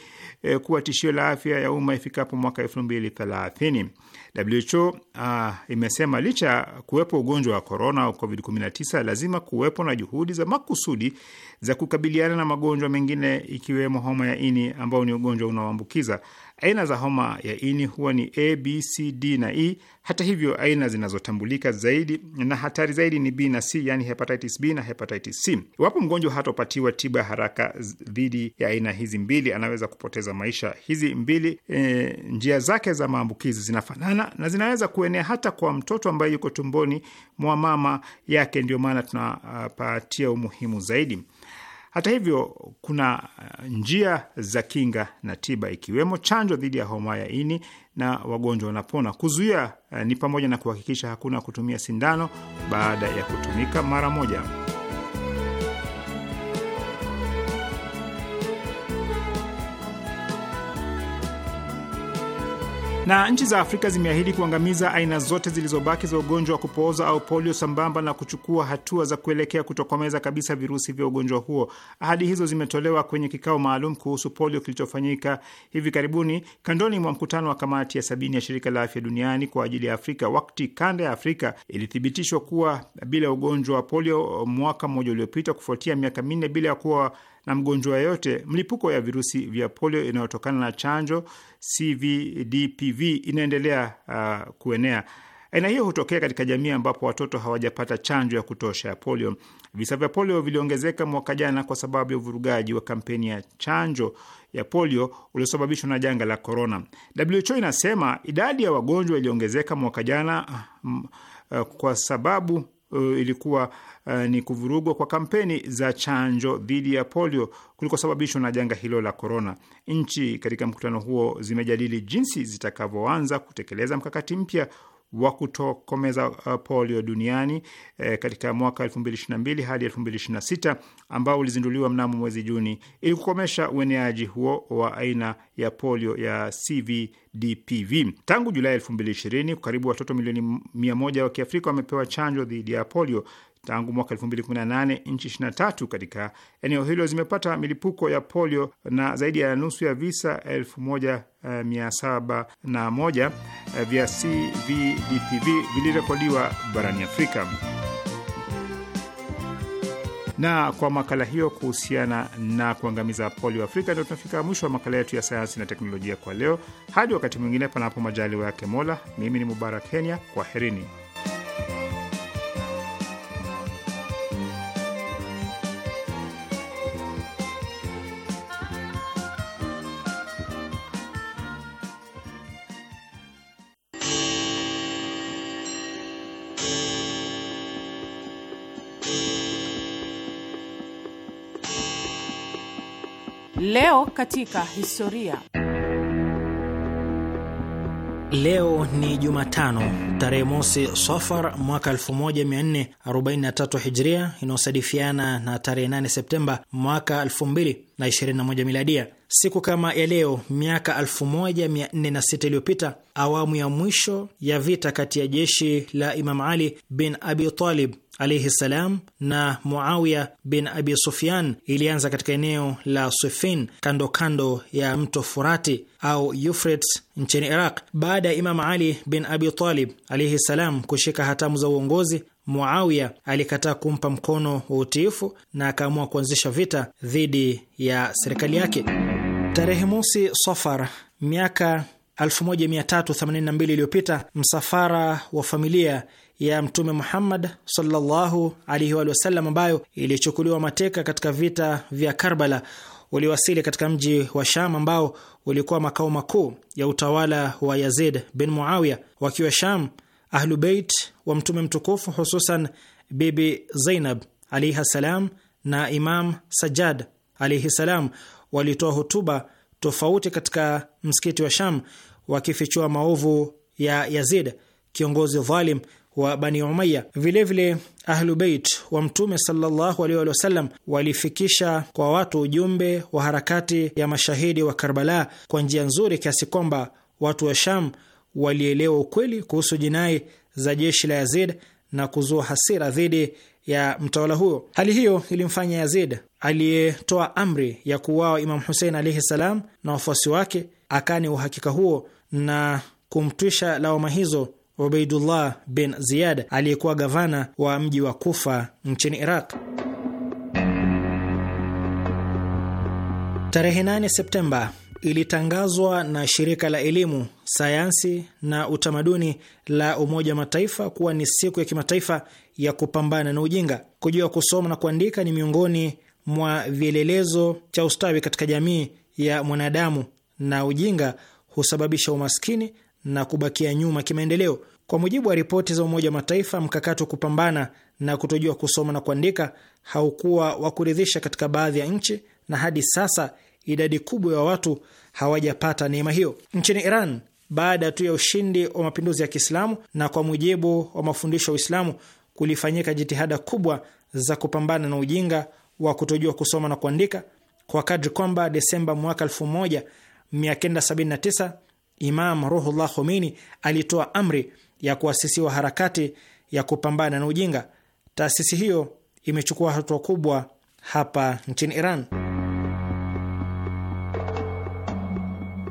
e, kuwa tishio la afya ya umma ifikapo mwaka 2030. WHO uh, imesema licha ya kuwepo ugonjwa wa korona au COVID-19, lazima kuwepo na juhudi za makusudi za kukabiliana na magonjwa mengine ikiwemo homa ya ini ambao ni ugonjwa unaoambukiza. Aina za homa ya ini huwa ni A, B, C, D na E. Hata hivyo, aina zinazotambulika zaidi na hatari zaidi ni B na C, yani hepatitis B na hepatitis C. Iwapo mgonjwa hatopatiwa tiba ya haraka dhidi ya aina hizi mbili, anaweza kupoteza maisha. Hizi mbili e, njia zake za maambukizi zinafanana na zinaweza kuenea hata kwa mtoto ambaye yuko tumboni mwa mama yake, ndio maana tunapatia umuhimu zaidi. Hata hivyo, kuna uh, njia za kinga na tiba, ikiwemo chanjo dhidi ya homa ya ini na wagonjwa wanapona. Kuzuia uh, ni pamoja na kuhakikisha hakuna kutumia sindano baada ya kutumika mara moja. na nchi za Afrika zimeahidi kuangamiza aina zote zilizobaki za ugonjwa wa kupooza au polio sambamba na kuchukua hatua za kuelekea kutokomeza kabisa virusi vya ugonjwa huo. Ahadi hizo zimetolewa kwenye kikao maalum kuhusu polio kilichofanyika hivi karibuni kandoni mwa mkutano wa kamati ya sabini ya shirika la afya duniani kwa ajili ya Afrika, wakati kanda ya Afrika ilithibitishwa kuwa bila ugonjwa wa polio mwaka mmoja uliopita kufuatia miaka minne bila ya kuwa na mgonjwa yoyote, mlipuko ya virusi vya polio inayotokana na chanjo CVDPV inaendelea uh, kuenea. Aina hiyo hutokea katika jamii ambapo watoto hawajapata chanjo ya kutosha ya polio. Visa vya polio viliongezeka mwaka jana kwa sababu ya uvurugaji wa kampeni ya chanjo ya polio uliosababishwa na janga la korona. WHO inasema idadi ya wagonjwa iliongezeka mwaka jana uh, uh, kwa sababu uh, ilikuwa uh, ni kuvurugwa kwa kampeni za chanjo dhidi ya polio kulikosababishwa na janga hilo la korona. Nchi katika mkutano huo zimejadili jinsi zitakavyoanza kutekeleza mkakati mpya wa kutokomeza uh, polio duniani e, katika mwaka 2022 hadi 2026 ambao ulizinduliwa mnamo mwezi Juni ili kukomesha ueneaji huo wa aina ya polio ya CVDPV. Tangu Julai 2020, karibu watoto milioni 100 wa Kiafrika wamepewa chanjo dhidi ya polio. Tangu mwaka 2018 nchi 23 katika eneo hilo zimepata milipuko ya polio na zaidi ya nusu ya visa 1701 eh, eh, vya CVDPV vilirekodiwa barani Afrika. Na kwa makala hiyo kuhusiana na kuangamiza polio Afrika, ndio tunafika mwisho wa makala yetu ya sayansi na teknolojia kwa leo. Hadi wakati mwingine, panapo majaliwa yake Mola, mimi ni Mubarak Kenya, kwaherini. Leo katika historia. Leo ni Jumatano tarehe mosi Safar mwaka 1443 Hijria, inayosadifiana na tarehe 8 Septemba mwaka 2021 Miladia. Siku kama ya leo miaka 1406 iliyopita, awamu ya mwisho ya vita kati ya jeshi la Imam Ali bin Abi Talib alaihi ssalam na Muawiya bin Abi Sufyan ilianza katika eneo la Swifin kando kando ya mto Furati au Ufrit nchini Iraq. Baada ya Imam Ali bin Abi Talib alaihi salam kushika hatamu za uongozi, Muawiya alikataa kumpa mkono wa utiifu na akaamua kuanzisha vita dhidi ya serikali yake. Tarehe mosi Safar miaka 1382 iliyopita msafara wa familia ya Mtume Muhammad sallallahu alaihi wa sallam ambayo ilichukuliwa mateka katika vita vya Karbala uliwasili katika mji wa Sham ambao ulikuwa makao makuu ya utawala wa Yazid bin Muawiya. Wakiwa Sham, ahlu beit wa Mtume mtukufu hususan Bibi Zainab alaihi salam na Imam Sajjad alaihi salam walitoa hotuba tofauti katika msikiti wa Sham wakifichua maovu ya Yazid, kiongozi dhalim wa Bani Umaya. Vilevile, Ahlubeit wa Mtume sallallahu alaihi walifikisha kwa watu ujumbe wa harakati ya mashahidi wa Karbala kwa njia nzuri kiasi kwamba watu wa Sham walielewa ukweli kuhusu jinai za jeshi la Yazid na kuzua hasira dhidi ya mtawala huyo. Hali hiyo ilimfanya Yazid aliyetoa amri ya kuuawa Imam Husein alaihi ssalam na wafuasi wake akani uhakika huo na kumtwisha lawama hizo Ubaidullah bin Ziyad aliyekuwa gavana wa mji wa Kufa nchini Iraq. Tarehe 8 Septemba ilitangazwa na shirika la elimu sayansi na utamaduni la Umoja wa Mataifa kuwa ni siku ya kimataifa ya kupambana na ujinga. Kujua kusoma na kuandika ni miongoni mwa vielelezo cha ustawi katika jamii ya mwanadamu, na ujinga husababisha umaskini na kubakia nyuma kimaendeleo. Kwa mujibu wa ripoti za Umoja wa Mataifa, mkakati wa kupambana na kutojua kusoma na kuandika haukuwa wa kuridhisha katika baadhi ya nchi, na hadi sasa idadi kubwa ya watu hawajapata neema hiyo. Nchini Iran, baada tu ya ushindi wa mapinduzi ya Kiislamu, na kwa mujibu wa mafundisho ya Uislamu kulifanyika jitihada kubwa za kupambana na ujinga wa kutojua kusoma na kuandika kwa kadri kwamba Desemba mwaka 1979 Imam Ruhullah Khomeini alitoa amri ya kuasisiwa harakati ya kupambana na ujinga. Taasisi hiyo imechukua hatua kubwa hapa nchini Iran.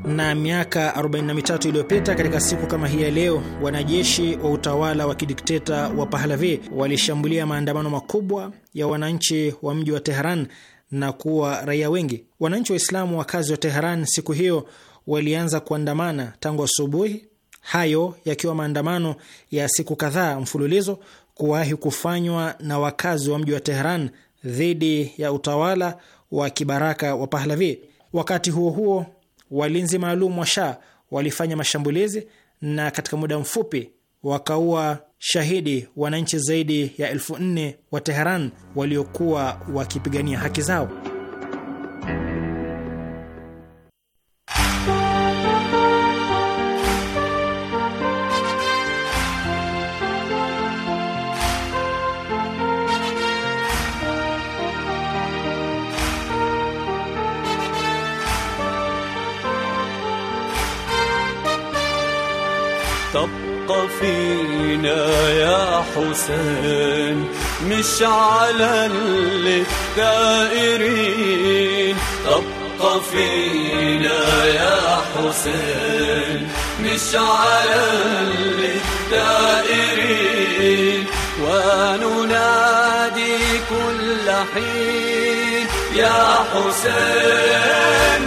na miaka 43 iliyopita katika siku kama hii ya leo, wanajeshi wa utawala wa kidikteta wa Pahlavi walishambulia maandamano makubwa ya wananchi wa mji wa Teheran na kuwa raia wengi. Wananchi Waislamu wakazi wa Teheran siku hiyo walianza kuandamana tangu asubuhi, hayo yakiwa maandamano ya siku kadhaa mfululizo kuwahi kufanywa na wakazi wa mji wa Teheran dhidi ya utawala wa kibaraka wa Pahlavi. Wakati huo huo walinzi maalum wa Shah walifanya mashambulizi na katika muda mfupi wakaua shahidi wananchi zaidi ya elfu nne wa Teheran waliokuwa wakipigania haki zao. تبقى فينا يا حسين مش على للثائرين تبقى فينا يا حسين مش على للثائرين وننادي كل حين يا حسين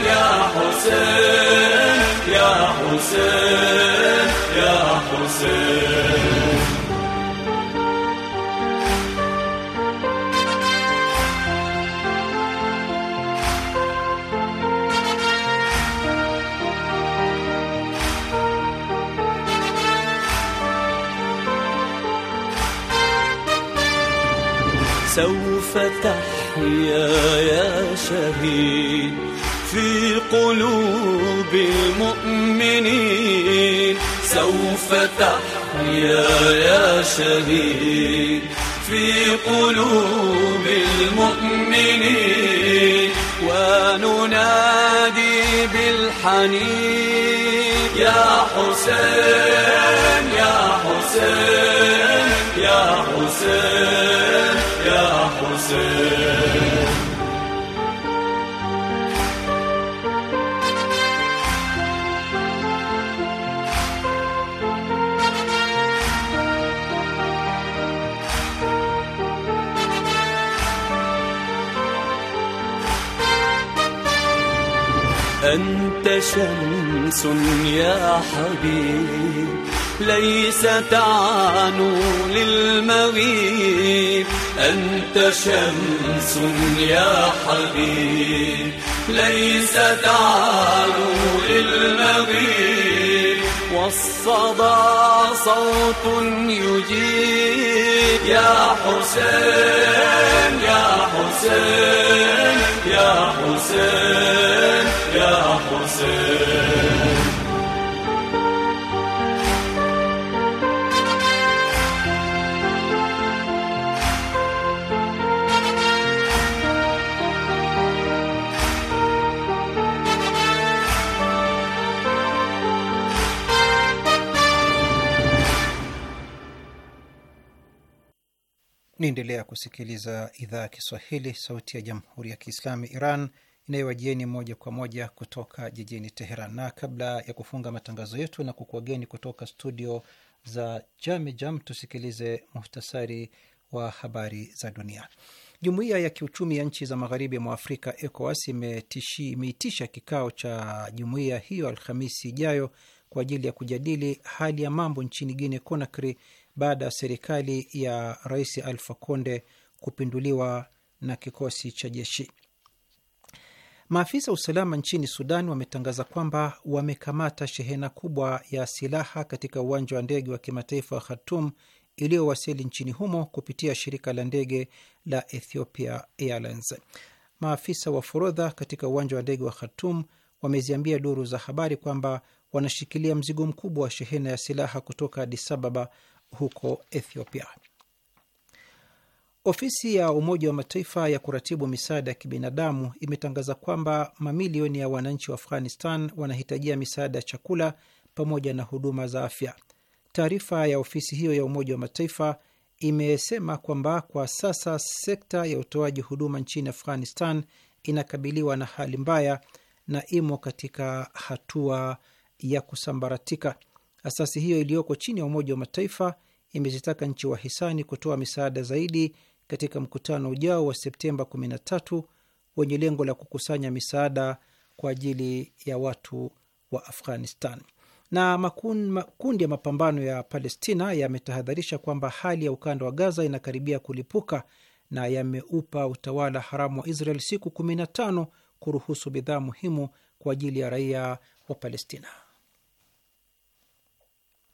يا حسين يا حسين يا حسين سوف تحت تحيا يا شهيد في قلوب المؤمنين سوف تحيا يا شهيد في قلوب المؤمنين وننادي بالحنين يا حسين يا حسين يا حسين يا حسين أنت شمس يا حبيب ليس تعانو للمغيب أنت شمس يا حبيب ليس تعالو للمغيب والصدى صوت يجيب يا حسين يا حسين يا حسين يا حسين Niendelea kusikiliza idhaa ya Kiswahili, sauti ya jamhuri ya kiislamu Iran inayowajieni moja kwa moja kutoka jijini Teheran. Na kabla ya kufunga matangazo yetu na kukuageni kutoka studio za Jamejam, tusikilize muhtasari wa habari za dunia. Jumuiya ya kiuchumi ya nchi za magharibi mwa Afrika, ECOWAS, imeitisha kikao cha jumuiya hiyo Alhamisi ijayo kwa ajili ya kujadili hali ya mambo nchini Guinea Conakry baada ya serikali ya Rais alfa Konde kupinduliwa na kikosi cha jeshi. Maafisa wa usalama nchini Sudan wametangaza kwamba wamekamata shehena kubwa ya silaha katika uwanja wa ndege wa kimataifa wa Khartum iliyowasili nchini humo kupitia shirika la ndege la Ethiopia Airlines. Maafisa wa forodha katika uwanja wa ndege wa Khartum wameziambia duru za habari kwamba wanashikilia mzigo mkubwa wa shehena ya silaha kutoka adisababa Ababa huko Ethiopia. Ofisi ya Umoja wa Mataifa ya kuratibu misaada ya kibinadamu imetangaza kwamba mamilioni ya wananchi wa Afghanistan wanahitajia misaada ya chakula pamoja na huduma za afya. Taarifa ya ofisi hiyo ya Umoja wa Mataifa imesema kwamba kwa sasa sekta ya utoaji huduma nchini Afghanistan inakabiliwa na hali mbaya na imo katika hatua ya kusambaratika. Asasi hiyo iliyoko chini ya Umoja wa Mataifa imezitaka nchi wahisani kutoa misaada zaidi katika mkutano ujao wa Septemba 13 wenye lengo la kukusanya misaada kwa ajili ya watu wa Afghanistan. Na makundi ya mapambano ya Palestina yametahadharisha kwamba hali ya ukanda wa Gaza inakaribia kulipuka na yameupa utawala haramu wa Israel siku 15 kuruhusu bidhaa muhimu kwa ajili ya raia wa Palestina.